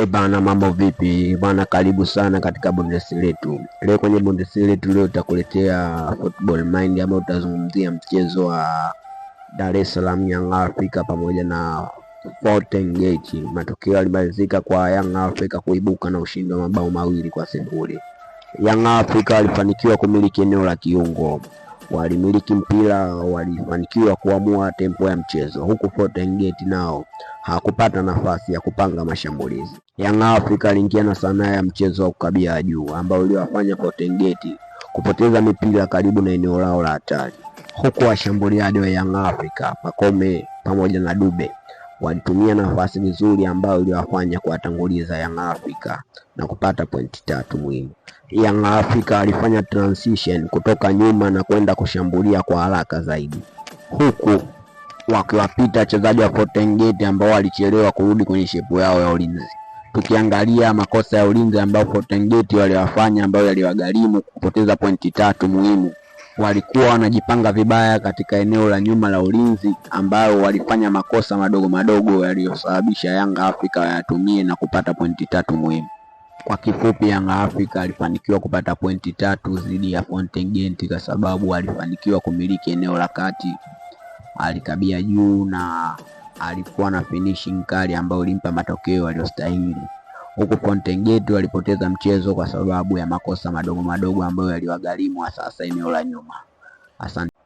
E bana, mambo vipi bana? Karibu sana katika bondesi letu. Leo kwenye bondesi letu leo utakuletea Football Mind ama utazungumzia mchezo wa Dar es Salaam Young Africa pamoja na Fountain Gate. Matokeo yalimalizika kwa Young Africa kuibuka na ushindi wa mabao mawili kwa sifuri. Young Africa alifanikiwa kumiliki eneo la kiungo walimiliki mpira, walifanikiwa kuamua tempo ya mchezo, huku Fountain nao hakupata nafasi ya kupanga mashambulizi. Young Africa aliingia na sanaa ya mchezo wa kukabia juu ambao uliwafanya Fountain kupoteza mipira karibu na eneo lao la hatari, huku washambuliaji wa Young Africa Pakome pamoja na Dube walitumia nafasi vizuri ambayo iliwafanya kuwatanguliza Young Africa na kupata pointi tatu muhimu. Young Africa alifanya transition kutoka nyuma na kwenda kushambulia kwa haraka zaidi, huku wakiwapita wachezaji wa Fountain Gate ambao walichelewa kurudi kwenye shepu yao ya ulinzi. Tukiangalia makosa ya ulinzi ambayo Fountain Gate waliwafanya ambayo yaliwagharimu kupoteza pointi tatu muhimu walikuwa wanajipanga vibaya katika eneo la nyuma la ulinzi, ambayo walifanya makosa madogo madogo yaliyosababisha Yanga Afrika wayatumie na kupata pointi tatu muhimu. Kwa kifupi, Yanga Afrika alifanikiwa kupata pointi tatu dhidi ya Fountain Gate kwa sababu alifanikiwa kumiliki eneo la kati, alikabia juu na alikuwa na finishing kali ambayo ilimpa matokeo aliyostahili huku Fountain walipoteza mchezo kwa sababu ya makosa madogo madogo ambayo yaliwagharimu hasa eneo la nyuma. Asante.